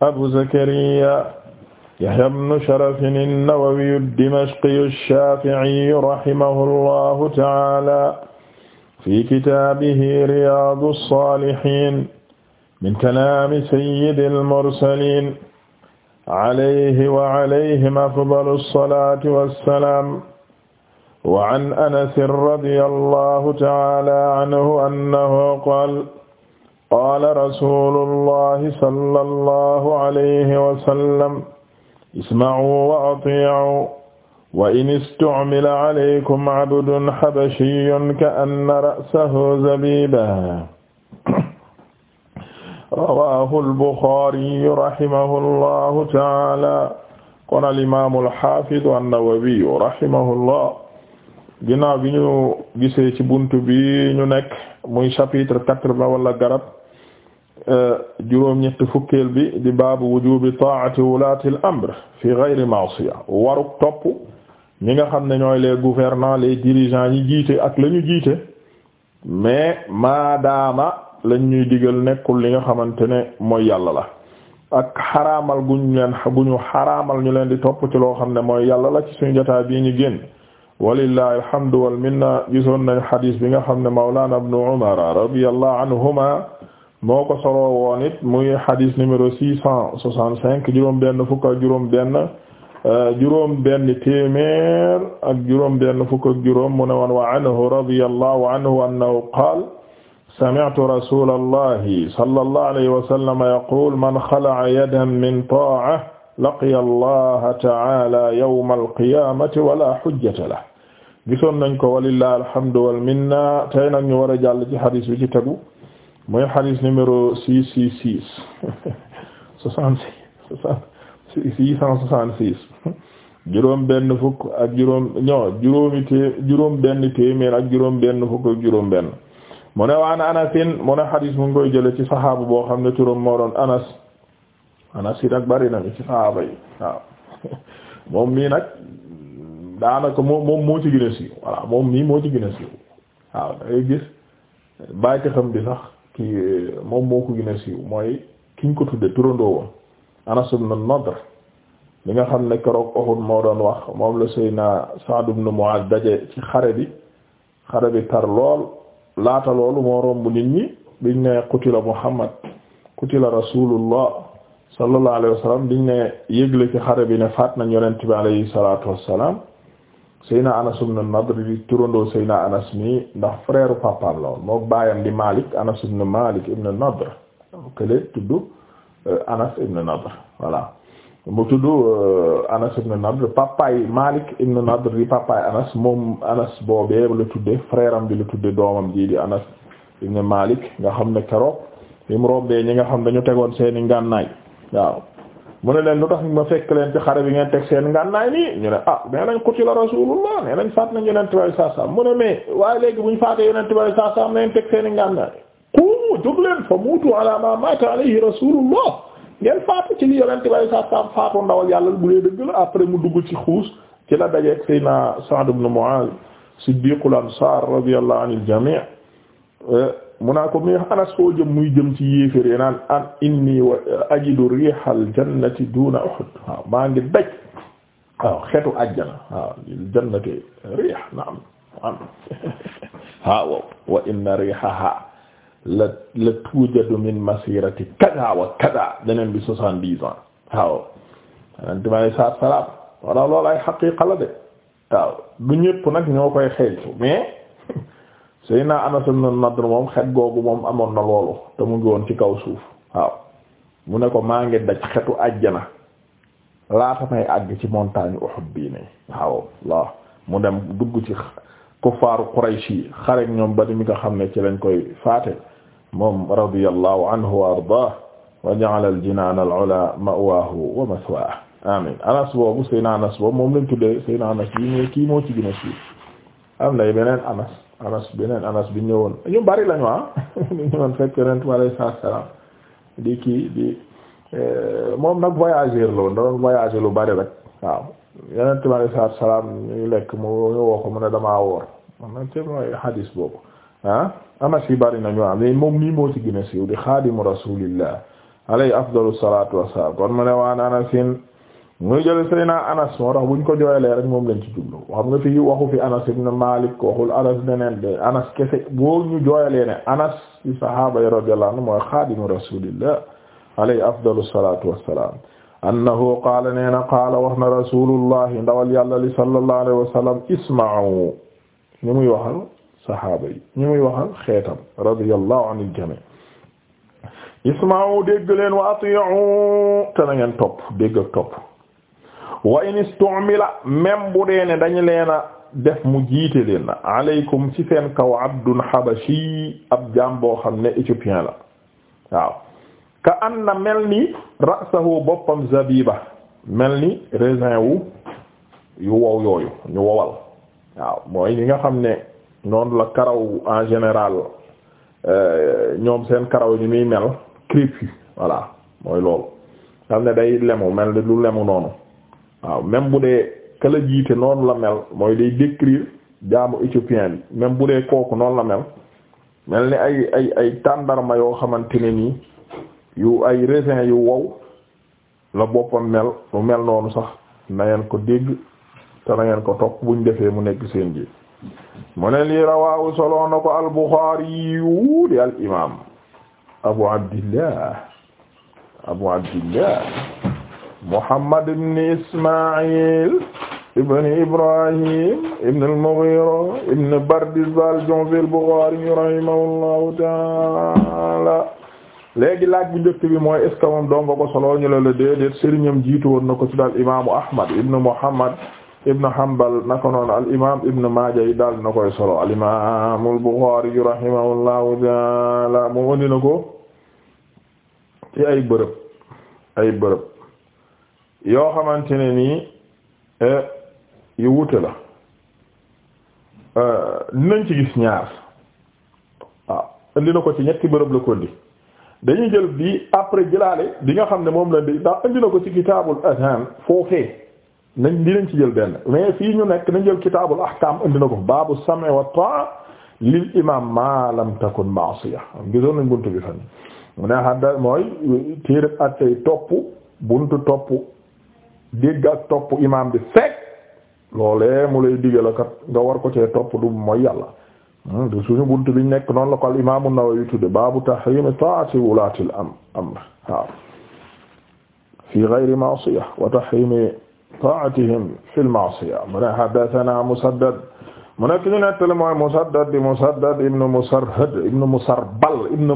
abu zakariya yahya ibnu sharafin an-nawawiyu ad-dimashqiyu ash-shafi'iyu rahimahullahu ta'ala fi kitaabihi riyaadu as-saalihiin min kalaami sayyidil mursaliin alayhi wa alayhim afdalu as-salaatu wassalaam wa an anas radiyallahu ta'ala anhu annahu qaala qaala rasulullahi sallallahu alayhi wa sallam isma'u wa ati'u wa in istu'mila alaykum abdun habachiyyun ka'anna ra'sahu zabiba rawahu al-Bukhari rahimahullahu ta'ala kon al-imaamu al-haafidu an-Nawawi rahimahullah ginnaaw bi ñu gisee ci buntu bi ñu nekk muy chapitre quatre-vingts wala garab juróom-ñett fukkeel bi di baabu wujubi ta'ati wulaati al-amr fi ghayri ma'siya waruk topp ñi nga xam ne ñooy les gouvernants les dirigeants yi jiite ak la ñu jiite mais maadaama lañ ñuy digal nekkul li nga xamante ne mooy yàlla la ak xaraamal guñ leen guñu xaraamal ñu leen di topp ci loo xam ne mooy yàlla la ci suñu jotaay bii ñu génn walillahi alhamdu wal minna gisoon nañ xadiis bi nga xam ne mawlana ibnu umar radiyallahu anhuma moo ko solo woon it muy hadis numéro six cent soixante cinq juróom benn fukk ak juróom benn euh, juróom benn téeméer ak juróom benn fukk ak juróom mu ne woon wa anhu radiyallahu anhu annahu qaal sami'tu rasulallahi sallallahu alayhi wa sallam yaqul man xala'a yadan min ta'atin laqiya allaha ta'ala yawma alqiyamati wala hujjata lah gisoon nañ ko walillahi alhamdu wal minna tey nag ñu war a jàll ci hadis bi ci tegu mooy xadis numéro six six six soixante six six juróom benn fukk ak juróom ñoo juróomi té juróom benn téeméer ak juróom benn fukk ak juróom benn mu ne waan anasin mu ne xadis mu koy jële ci saxaaba boo xam ne turóom moo doon anas anas yi nag bari na ci saxaaba yi waaw moom mii nag daanaka moom moom moo ci gën a siiw moom mii moo ci gën a waaw dangay gis bàyyi xam bi sax kii euh, moom moo ko gën a mooy ki ñu ko tudde turandoo woon Anas ibn Nadr li nga xam ne keroog Uhud moo doon wax moom la Seydina Sa'd ibn Mu'adh daje ci xare bi xare bi tar lool laata loolu moo romb nit ñi biñ ne qutila Muhammad qutila Rasulullah sallallahu alayhi wasallam biñ ne yëgle ci xare bi ne faat nañ yonent bi alayhi salaatu wassalaam Seyna Anas ibn Nadr di turandoo Seyna Anas mi ndax frère papaam la woon mook baayam di Malik Anas na Malik ibn Nadr kële tudd euh, voilà mu tudd euh, Anas ibn Nadr papaay Malik ibn Nadr di papaay Anas moom Anas boobee la tudde frère am bi la tudde doomam ji di Anas ibn Malik nga xam ne keroog bi mu ñi nga xam dañu tegoon seeni ngànnaay waaw mu ne leen lu tax ma fekk leen ci xare bi ngeen teg seen ngànnaay nii ñu ne ah nee nañ qutila rasulullah nee nañ faat nañ yonent bi saa saa mu ne mais waaye léegi bu ñu faatee yonent bi saa saa nañ teg seen ngànnaay qumu jóg leen fa muutu ala ma mata alayhi rasulullah ngeen faatu ci li yonent bi saa saa faatu ndawal yàlla bu dee dëgg la après mu dugg ci xuus ci la dajeeg Seydina Sa'd ibn Mu'adh siddiqul ansar radiyallahu anil jami' Euh, mu naa ko mais anas foo jëm muy jëm ci yéeféri inni wa ajidu rihal jannati duna uhud waaw maa ngi daj waaw xetu ajjana waaw jannati rih naam am wa inna rihaha la la tuujadu min masirati kada wa kada deneen bi soixante-dix ans waaw ananti ma sa salam wala loolu ay la de waaw du ñëpp nag ñoo koy xeeñtu mais Seydina Anas ibn Nadr moom xet googu moom amoon na loolu te mu ngi woon ci kaw suuf waaw mu ne ko maa ngi daj xetu àjjana laata may àgg ci montagne Uhud bii ne waaw mu dem dugg ci kuffaaru Quraysh yi ñoom ba ni mi nga xam ne ci lañ koy faate moom radiyallahu anhu wa ardaah wa ja'ala al-jinaan al-'ulaa ma'waahu wa maswaahu amin Anas boobu Seydina Anas boobu moom lañ tuddee Seydina Anas yi ne kii moo ci gën a am na beneen Anas anas beneen anas bi ñëwoon ñu bari lañu ah ñu ñëwoon fekk yonent bi alayhi salaam di kii di eh, moom nag voyageur la woon da lu bari rek waaw yonent bi alayhi salaam ñu lekk mu woo ko mu ne damaa woor man ci mooy hadis boobu ah. anas yi bari nañu am ah. mais moom nii moo ci gën a siiw di xaadimu rasuulillah alayhi afdalu salaatu wassalaam kon mu ne waan anasin muy jële Seydina Anas moo tax buñ ko jooyalee rek moom lañ ci jublu xam nga fii waxu fi Anas ibn Malik waxul Anas neneen de Anas kese boo ñu jooyalee ne Anas ci sahaaba yi radiyallahu anhu mooy xaadimu rasulillah alayhi afdalu salatu wassalam annahu qaala nee na qaala wax na rasulullahi ndawal yàlla li sallallahu alayhi wa sallam isma'u ñu muy waxal sahaaba ñu muy waxal xeetam radiyallahu anil jami' isma'u dégg leen wa ati'u te na ngeen topp dégg ak wa in istu'mila même bu dee ne dañu leen a def mu jiite leen aleykum ci seen kaw abdun habashi ab jaam boo xam ne éthiopien la waaw ka anna mel ni ra'sahu boppam zabiba mel ni raisin wu yu wow yooyu ñu wowal waaw mooy ñi nga xam ne noonu la karaw en général euh, ñoom seen karaw ñu muy mel crépu voilà mooy loolu xam ne day lemu mel ni lu lemu noonu waaw même bu dee ka la jiite noonu la mel mooy day décrire jaamu éthiopien bi même bu dee kooku noonu la mel mel ni ay ay ay tàndarma yoo xamante ne nii yu ay raisin yu wow la boppam mel lu mel noonu sax nangeen ko dégg te na ko topp buñ defee mu nekk seen ji mu ne lii rawaahu solo ko al Bukhari yu di al Abu Abdillah Abu Abdillah Muhammad ibn Ismaïl ibn Ibrahim ibn al-Mughira ibn Bardizbah al-Ju'fi al-Bukhari ta'ala léegi laaj bu njëkk bi mooy est ce que moom doon nga ko solo ñu la la déedéet jiitu woon ko ci imaamu Ahmad ibn Muhammad ibn Hanbal naka al imaam ibn Maaja yi daal na koy solo al imaam al-Bukhari rahimahullahu ta'ala moom andi ko ci ay bërëb yoo xamante ne nii eh, yu wute la eh, dinañ ci gis ñaar waaw ah, indi na ko ci ñetti bërëb la ko indi dañuy jël bi après jëlaale bi nga xam ne moom la di ndax indi na ko ci kitaabul azan foofee nañ dinañ ci jël benn mais fii ñu nekk nañ jël kitaabul ahkaam indi na ko baabu sam'i wa ta'a lil imam ma lam takun ma'siya gisoon nañ buntu bi fan mu ne hadda mooy téereb attey topp buntu topp dégg ak topp imaam bi fekk loolee mu lay digal kat nga war ko cee topp du mooy yàlla hmm, du suñu buntu biñ nekk noonu la ko al imaam an-Nawawi tudde baabu tahriimi taa'ati wulaati al-amr fi ghayri ma'siya wa tahriimi taa'atihim fi al-ma'siya mu ne haddathanaa Musaddad mu nekk ñu nettali mooy Musaddad di Musaddad ibn Musarhad ibn Musarbal ibn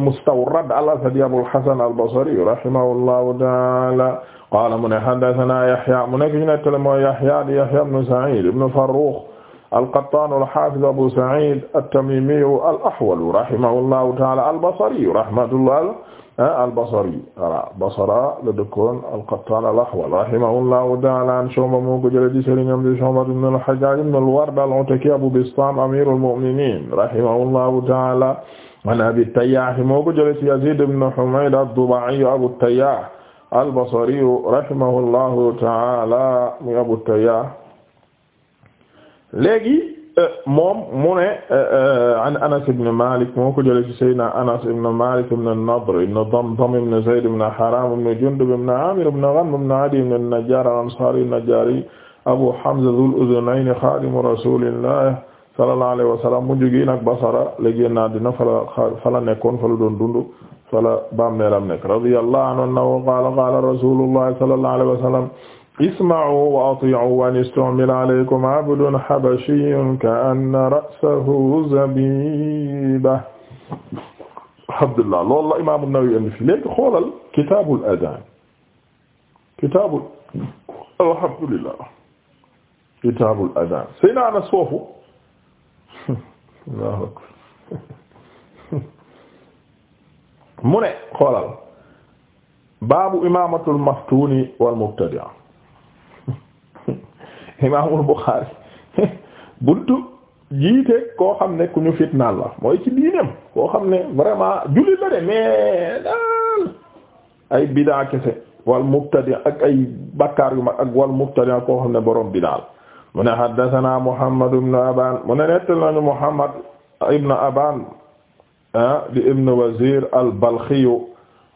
al-Asadi Abul Hasan al-Basri ta'ala qaala mu ne haddasanaa Yahya mu nekk ñu nettali mooy Yahya di Yahya ibnu Sa'iid ibnu Farrukh al-Qattaan al-Haafiz Abu Sa'iid at-Tamiimi al-Ahwal rahimahullahu ta'aala al-Basri rahmatullah ah, al-Basri voilà Basra la dëkkoon al-Qattaan al-Ahwal rahimahullahu ta'aala an Shu'ba moo ko jëlee di sëriñam di Shu'ba ibnu al-Hajjaaj ibnu al-Ward al-Ataki Abu Bistaam amiirul mu'miniin rahimahullahu ta'aala an Abi at-Tayyaah moo ko jëlee ci Yaziid ibnu Humayd ad-Duba'i Abu at-Tayyaah albasariyu rahimahullahu taala muy Abu Tayya léegi euh, moom mu ne euh, euh, an Anas ibn Malik moo ko jëlee ci Seydina Anas ibn Malik ibn Nadr ibn Damdam ibn Zayd ibn Haram ibn Jundub ibn Amir ibn Ghanm ibn Adi ibn an-Najjar al-Ansari an-Najjari Abu Hamza dhul udhunayn khadimu rasulillahi sallallahu alayhi wa sallam mu jóge nag Basra léegi naa dina fa la nekkoon fa la doon dund fala bammeelam nekk radiyallahu anhu annahu qaala qaala rasulullahi sallallahu alayhi wa sallam isma'u wa ati'u wa in istu'mila alaykum abdun habashi ka'anna ra'sahu zabibah alhamdulillah loolu la imam an-Nawawi indi fi léegi xoolal kitaabul adaan kitaabul alhamdulillah kitaabul adaan Seydina Anas foofu mu ne xoolal baabu imaamatul maftuni wal mubtadi' imaamul Buxaari buntu jiite koo xam ne ku ñu fitnaal la mooy ci diineem koo xam ne vraiment jullit de mais ay bidaa kese wal mubtadi' ak ay bakkaar yu mag ak wal mubtadi' koo xam ne borom bi mu ne haddasanaa Muhammad ibn Abaan mu ne nettali nañu Muhammad ibn Abaan di ibn wazir al-Balkhiyu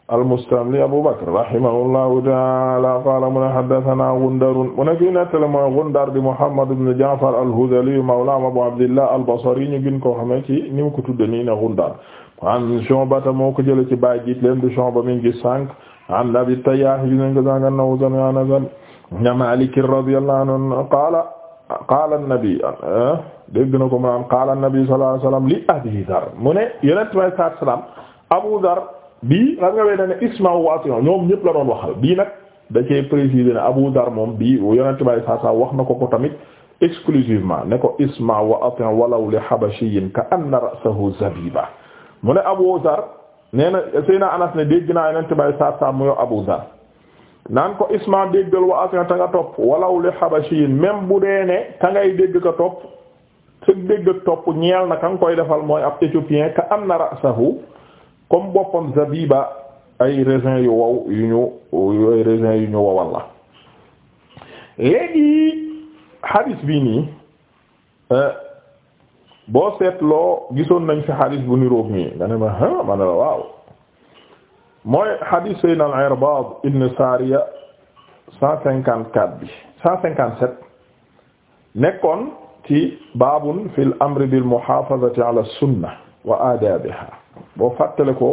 al-Mustamli Abu Bakr rahimahullahu ta'ala qala mu ne haddathana Gundar mu ne kii nettale mooy Gundar di Muhammad ibn Ja'far al-Hudhali mawla Abu Abdillah al-Basri ñu gën koo xamee ci ni mu ko tudde nii ne Gundar an Shu'ba moo ko jële ci baay jiit leen di Shu'ba mi ngi sànq an Abi Tayyah gis nañ ko sànq an Nawzan an Malik radiyallahu anhu qala qaala annabi ah, dégg na ko mu naan qaala annabi sallallahu alayhi wasallam li abi dar mu ne yonent bi alayhi salaatu salaam abu dar bii xam nga wey na ne isma'u wa ati'u ñoom ñëpp la doon waxal bii nag da cee préciser ne abu dar moom bii yonent bi alayhi salaatu salaam wax na ko ko tamit exclusivement ne ko isma wa atin walaw li habashiyin ka anna ra'sahu zabiba mu ne abu dar nee na sëy na anas ne dégg naa yonent bi alayhi salaatu salaam mu yow abu dar naan ko isma déggal wa asin ta nga topp walaw li xabashiin même bu dee ne ka ngay dégg ka topp sa dégg topp ñeel na ka nga koy defal mooy ab éthiopien ka am na rasahu comme boppam zabiba ay raisin yu wow yu ñu ay raisin yu ñu wowal la léegi xadis bii nii euh, boo seetloo gisoon nañ fi xadis bu niroog nii nga ne ma ha ma ne la waaw mooy hadith sayyidina al-Irbad ibn Sariya cent cinquante quatre bi cent cinquante sept nekkoon ci baabun fil amri bil muhaafazati ala sunna wa aadaabiha boo fàttale ko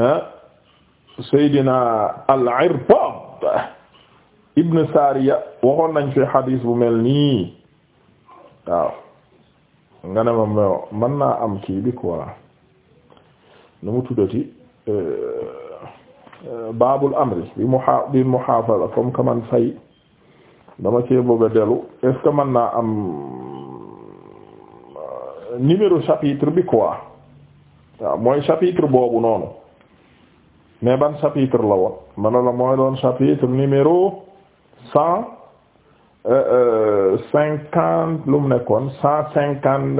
ah, sayyidina al-Irbad ibn Sariya waxoon nañ fi hadith bu mel nii waaw nga ne ma mën naa am kii bi quoi nu mu tuddati Euh, euh, baabul amri bi muha bi muhafaza comme que man fay dama cee bëgg a dellu que mën naa am euh, numéro chapitre bi mooy chapitre boobu noonu mais ban chapitre la woon numéro cent cinquante mu nekkoon cent cinquante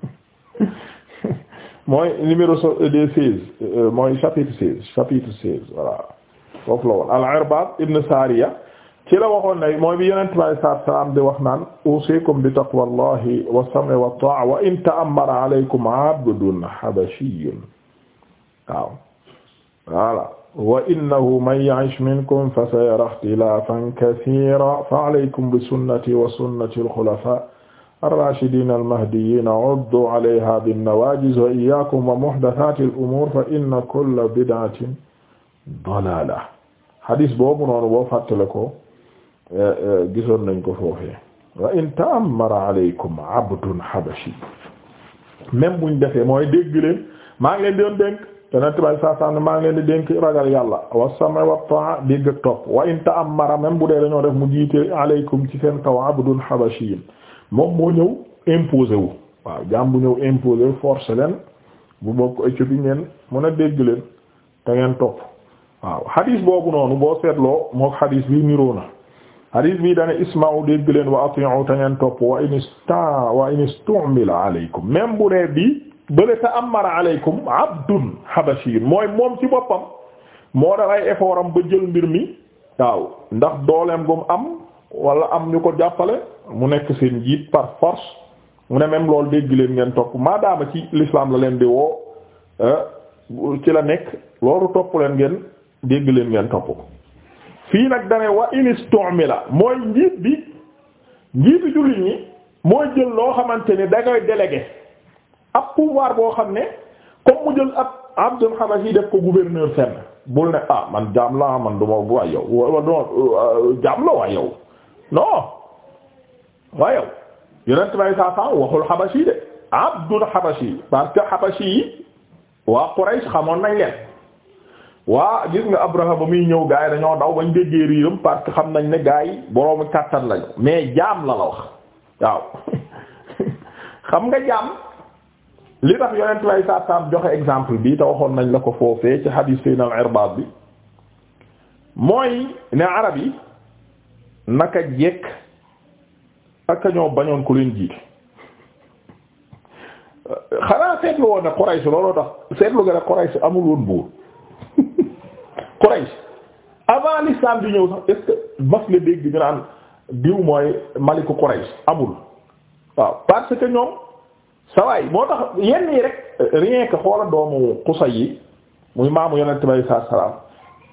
mooy numéro euh, des seize euh, mooy chapitre seize chapitre seize voilà foofu la woon al-Irbad ibn Sariya ci la waxoon ne mooy bi yonent bi alayhi salaatu wa salaam di wax naan usiikum bi taqwallahi was-sam'i wat-taa'a wa in ta'ammara alaykum abdun habachiyyun waaw voilà wa innahu man ya'ish minkum fasayara ikhtilafan kathiran fa alaykum bi sunnati wa sunnati al-khulafa الراشدين المهديين عضوا عليها بالنواجذ وإياكم ومحدثات الأمور فإن كل بدعة ضلالة hadis boobu noonu boo fàttale ko eh, eh, gisoon nañ ko foofee wa in ta'ammara alaykum abdun habashi même buñ defee mooy dégg leen maa ngi leen di doon dénk yonent bi saa saa ne maa ngi leen di dénk ragal yàlla wa sam'a wa ta'a dégg ak topp wa in ta'ammara même bu dee dañoo def mu jiite alaykum ci seen kaw abdun habashi moom moo ñëw imposé wu waaw jaam bu ñëw imposé wu force leen bu bokk Éthiopie ngeen mën a dégg leen te ngeen topp waaw hadis boobu noonu boo seetloo moo hadis bi niroo na hadis bi dane isma'u dégg leen wa ati'u te ngeen topp wa inista wa inistumila aleykum même bu dee bi bële ta amara aleykum abdun habashiyun mooy moom ci boppam moo dafay effort ba jël mbir mi waaw ndax dooleem gum am wala am ñu ko jàppale mu nekk seen jiit par force mu ne même lool dégg leen ngeen topp maadaama ci l'islam la leen di woo euh, ci la nekk loolu topp leen ngeen dégg leen ngeen topp ko fii nag dane wa inistomila mooy njiit bi njiitu jullit loo xamante ni da ngay délégué ab pouvoir boo xam ne comme mu jël ab Abdul Habashi def ko gouverneur fenn bul ne ah man jaam la man du ma waay yow wa doon euh, jaam la waay yow non waaye yonent bay saa waxul xabashi de abdul xabashi parce xabashi yi waa Quraysh xamoon nañ leen waa gis nga Abraha ba muy ñëw gaa yi dañoo daw bañ déggee riiram parce que xam nañ ne gaa yi boroomu kàttan lañu mais jaam la la wax waaw xam nga jaam li tax yonent bay saa joxe exemple bi te waxoon nañ la ko foofee ci hadith Seynal Irbaad bi mooy ne arab yi naka jekk ak ñoo bañoon ku leen jiite xanaa seetlu woon ne Quraysh looloo tax seetlu nga ne Quraysh amul woon buur Quraysh avant l'islam di ñëw sax est-ce que mas nga dégg ñu naan diw mooy maliku Quraysh amul waaw parce que ñoom sawaay moo tax yenn yi rek rien que xoola doomu Qusay yi muy maamu yonent bi sallallahu alayhi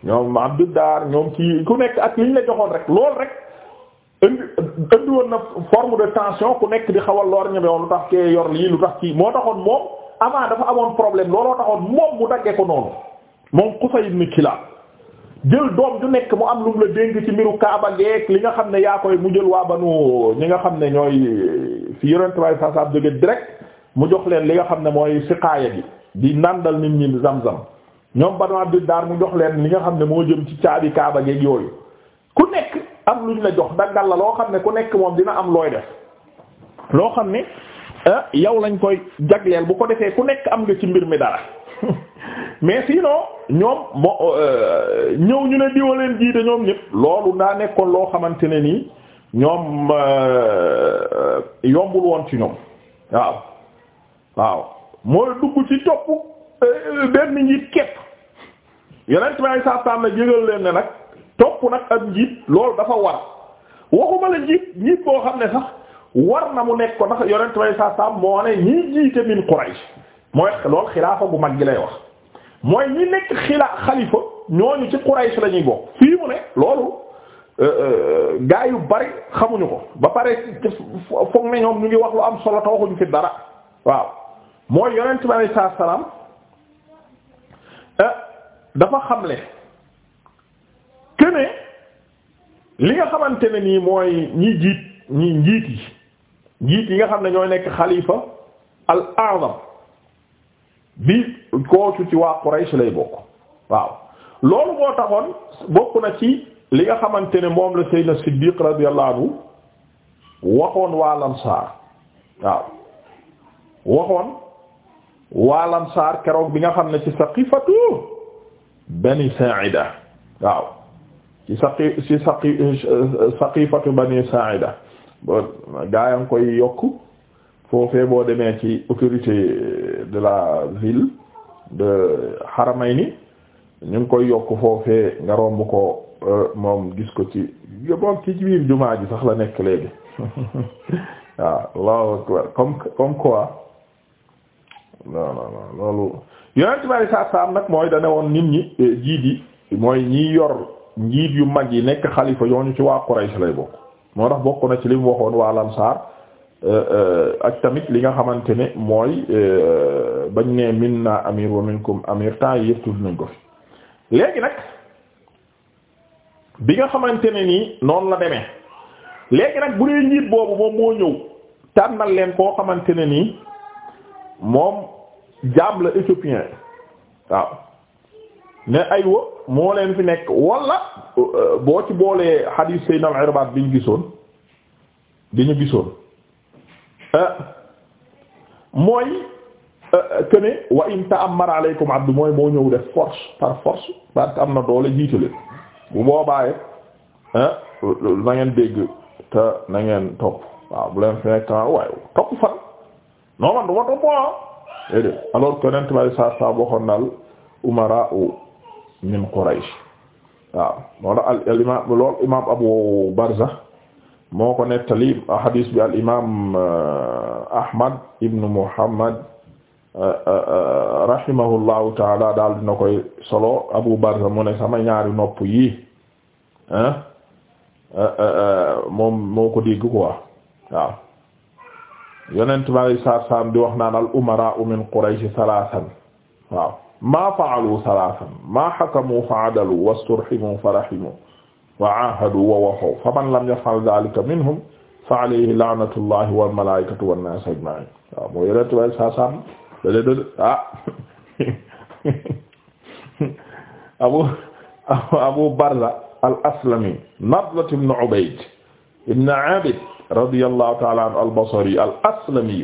ñoom Abdou Dar ñoom ci ku nekk ak liñ la joxoon rek lool rek indi indi woon na forme de tension ku nekk di xawal lor ñebe woon lu tax kee yor lii lu tax kii moo taxoon moom avant dafa amoon problème looloo taxoon moom mu daggee ko noonu moom Qusay ibn Kilab jël doom ju nekk mu am lu mu la dénk ci mbiru Kaaba geek li nga xam ne yaa koy mu jël waa banu ñi nga xam ne ñooy fi yonent bay saasaam jóge direct mu jox leen li nga xam ne mooy siqaaya bi di nàndal nit ñi zam-zam ñoom banu Abdul Daar mu jox leen li nga xam ne moo jëm ci caabi Kaaba geek yooyu am lu luñ la jox daggal la loo xam ne ku nekk moom dina am looy def loo xam ne ah, yow lañ koy jagleel bu ko defee ku nekk am nga ci mbir mi dara mais sinon ñoom moo euh, ñëw ñu ne diwa leen jiite ñoom ñëpp loolu daa nekkoon loo xamante ne nii ñoom euh, yombul woon ci ñoom waaw waaw mooy dugg ci topp euh, benn njiit képp yeneen tubaab yi sax tànn yëgal leen ne nag. topp nag ak njiit loolu dafa war waxuma la njiit njiit boo xam ne sax war na mu nekk ko ndax yonent way saa saam moo ne ñii jiite min Quraysh mooy loolu xilaafa bu mag gi lay wax mooy ñi nekk xila xalifa ñooñu ci Quraysh la ñuy bokk fii mu ne loolu euh, euh, gaa yu bari xamuñu ko ba pare foog ne ñoom ñu ngi wax lu am solo te waxuñu fi dara waaw mooy yonent bi alei salaam euh, dafa xamle ne li nga xamante ne nii mooy ñi jiit ñi njiit yi njiit yi nga xam ne ñoo nekk xalifa al a'zam bi koocu ci waa Quraysh lay bokk waaw loolu moo taxoon bokk na ci li nga xamante ne moom la Seydina Siddiq radiyallahu anhu waxoon waa Lansaar waaw waxoon waa Lansaar keroog bi nga xam ne ci saqifatu Bani Sa'ida waaw ci saqi ci saqi saqifatu bani sa'ida gaayang koy yokk foofee boo demee ci autorité de la ville de Haramayni ñu ngi koy yokk foofee nga romb ko euh, moom gis ko ci boog ci biir jumaa ji sax la nekk léegi waaw Allahu akbar comme comme quoi non non loolu yonent bi sallallahu alayhi nag mooy da nit ñi eh, jiit yi mooy ñi yor njiit yu mag yi nekk xalifa yooñu ci waa Quraysh lay bokk moo tax bokk na ci li mu waxoon waa Ansaar euh, euh, ak tamit li nga xamante ne mooy euh, bañ ne minna amir wa minkum amir temps yi yëpp tudd nañ ko fi léegi nag bi nga xamante ne nii noonu la demee léegi nag bu dee njiit boobu moom moo ñëw tànnal leen koo xamante ne nii moom jaam la éthiopien waaw ne aywa moo leen fi nekk wala euh, boo ci boolee xadiis Seydina al-Irbaad bi ñu gisoon bi ñu gisoon euh, mooy euh, que ne wa in ta'ammara aleykum abdu mooy moo ñëw def force par force parce am na doole jiitale bu boobaaye na ngeen dégg te na topp waaw bu leen fi nekk ah waaye topp fan non man du ma topp ah. déedéet alors que saa saa waxoon naal umara min Quraysh waaw al imaam Abu Barza moo ko nettali hadis bi al imaam uh, Ahmad ibn Muhammad uh, uh, rahimahullahu taala daal dina koy solo Abu Barza mu sama ñaari nopp yi moom moo ko dégg quoi waaw yonent bi saa saam di wax al umara'u min Quraysh thalathan maa fa'alu salaasan maa hakamu fa'adalu wasturhimu farahimu wa 'ahadu wa wafaw faman lam yaf'al dhaalika minhum fa alayhi la'natullahi wal malaa'ikati wan naasi ajma'iin waaw mooy yeneen tubaab saa sàmm dale dale ah abu abu barza al aslami nadlat ibn ubayd ibn abid radiyallahu ta'ala anhu al basri al aslami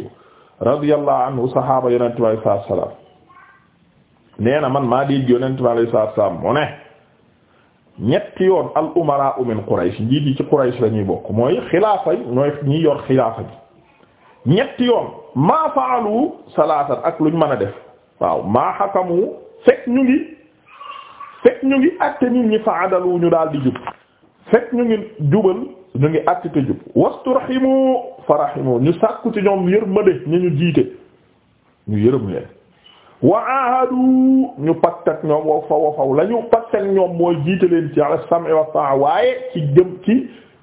radiyallahu anhu sahaaba yeneen tubaab saa salaam nee na man maa dégg yonent bi alayhi salaatu mu ne ñetti yoon al umaraa min Quraysh njiit yi ci Quraysh lañuy ñuy bokk mooy xilaafa yi ñooy ñiy yor xilaafa bi ñetti yoon maa faalu salaatan ak luñ mën a def waaw maa xakamu fekk ñu ngi fekk ñu ngi àtte nit ñi fa adalu ñu daal di jub fekk ñu ngi jubal ñu ngi àtte te jub wasturhimu farahimu ñu sàkku ci ñoom yërmande ñu ñu jiite ñu yërëm leen wa ahadu ñu pacte ak ñoom wow fa wow faw la ñu pacte ñoom mooy jiite leen ci ala wa ta'a waaye ci jëm ci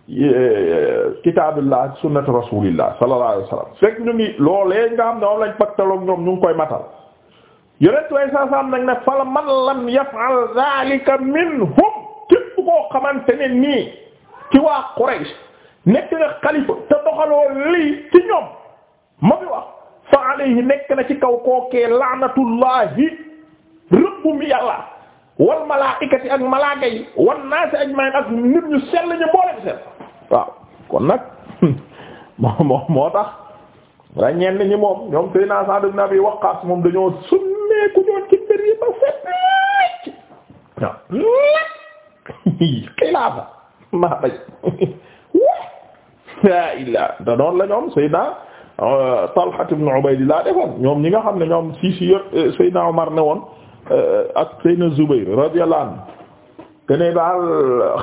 e, kitaabillah sunnati rasulillah sallallahu alayhi wasallam fekk ñu ngi loolee nga xam ne moom lañ pactaloog ñoom ñu koy matal yonent way saa saam man lam yaf'al zalika minhum képp koo xamante ne nii ci waa Quraysh nekk nga xalifa te doxaloo lii ci ñoom ma fi wax fa alayhi nekk na ci kaw kookee laanatullahi rëbbum yàlla wal malaa'ikati ak malaaka yi wan naasi ajma'iin ak nit ñu sell ñu boole sell waaw kon nag moo moo moo tax da ñenn ñi moom ñoom Seydina Sa'd ibn Abi Waqqaas moom dañoo sunneeku ñoon ci ba set waaw lépp maa bañ wa laa ilaa da doon la ñoom Seydina Talha ibn Ubaydillah defoon ñoom ñi nga xam ne ñoom si si yor eh, Seydina Omar ne woon eh, ak Seydina Zubayr radiyallahu anhu te ne daal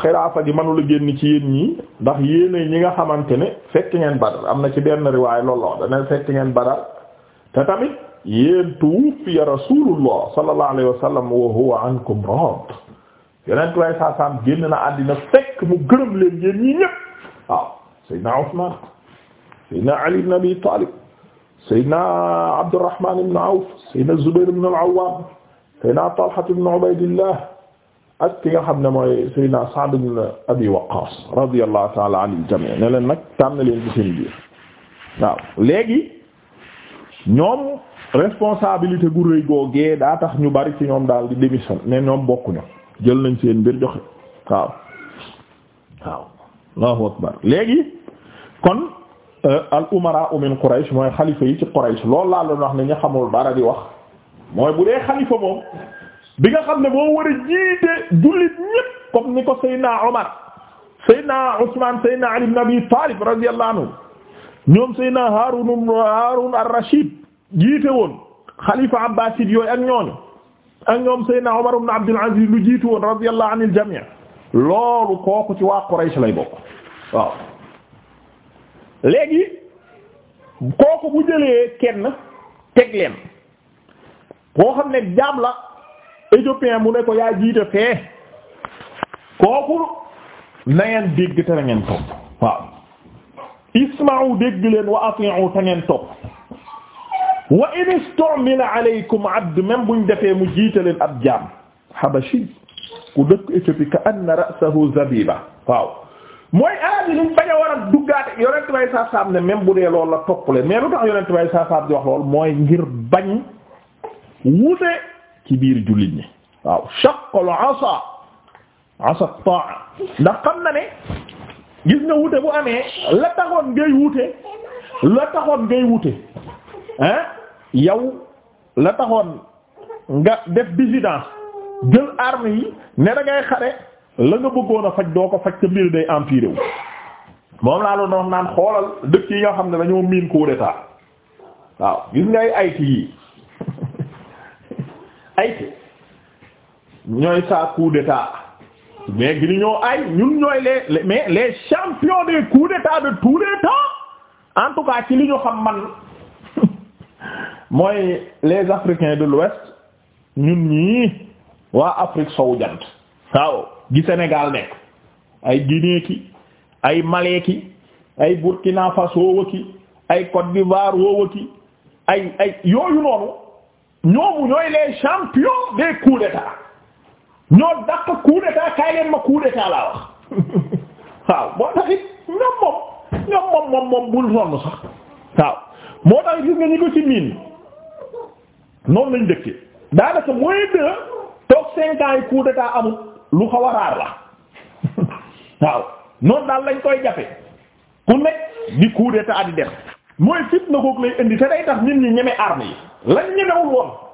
xilaafa gi mënula génn ci yéen ñii ndax yéen ñi nga xamante ne fekk ngeen Badar am na ci benn riwaay loolu la dana fekk ngeen Badar te tamit yéen tuwuffiya Rasulullah sallallahu alayhi wa sallam wa huwa ankum raad yeneen tuwaay saa génn na àddina fekk mu gërëm leen yéen ñii ñëpp waaw Seydina Usman saydna ali ibn abi talib saydna abdurrahman ibn awf saydna al-awwam saydna talhat ibn ubaydillah ak ki nga xam ne mooy saydna sa'd ibn abi waqqas ta'ala anil jami' ne leen nag tànn leen ci seen biir waaw léegi ñoom responsabilité gu rëy googee daa tax ñu bari ci ñoom daal di démission ne ñoom bokkuñu jël nañ seen mbir joxe waaw waaw akbar léegi kon Euh, al umara min Quraysh mooy xalifa yi ci Quraysh loolu la doon wax ne ñu xamul dara di wax mooy bu dee xalifa moom bi nga xam ne moo war a jiite jullit ñépp comme ni ko Seydina Omar Seydina Ousmane Ali ibn Abi Talib radiyallahu anhu ñoom Seydina Haarun Haarun ar-Rashid jiite woon xalifa abbasid yooyu ak ñooñu ak ñoom Seydina Omar ibn Abdul Aziz lu jiite woon radiyallahu anil jami' loolu kooku ci waa Quraysh lay bokk léegi kooku bu jëlee kenn teg leen koo xam ne jaam la éthiopien mu ne ko yaa jiita fee kooku na ngeen dégg te na ngeen topp waaw isma'u dégg leen wa ati'u te ngeen topp wa in abd même buñ defee mu jiita leen ab jaam habashi ku dëkk Éthiopie ka anna zabiba waaw mooy alal ji ñu bañ a war a duggaate yonent bay saasaam ne même bu dee loolu la toppale mais lu tax yonent bay saasaam di wax lool mooy ngir bañ wute ci biir jullit ñi waaw shaqqal asa asa ta'a ndax xam na ne gis nga wute bu amee la taxoon ngay wute la taxoon ngay wute hein yow la taxoon nga def dissidence jël arme ne da xare la nga bëggoon a faj doo ko faj ca mbir day empiré wu moom laa doon wax naan xoolal dëkk yi nga xam ne dañoo miin coup d'état waaw gis ngay ayti yi ayti ñooy saa coup d'état mais gi ñoo ay ñun ñooy les mais les champions des coups d'état de tous les temps en tout cas ci li ñu xam man mooy les africains de l'ouest ñun ñii waa Afrique sowu jant waaw gi Sénégal nekk ay Guinée ki ay Mali ki ay Burkina Faso woo ki ay Côte d'Ivoire woo ki ay ay yooyu noonu ñoomu ñooy les champions des coups ñoo dàq coup d'état leen ma coup laa wax waaw moo taxit ñoom moom ñoom moom moom moom bul sonn sax waaw moo tax gis nga ñu ko ci miin noonu lañ dëkkee daanaka mooy de toog cinq ans yi coup amul. lu xaw a la waaw noonu daal lañ koy jafe ku nekk di coup d'état di def mooy fitna googu lay indi te day tax nit ñi ñeme arme yi lañ ñemewul woon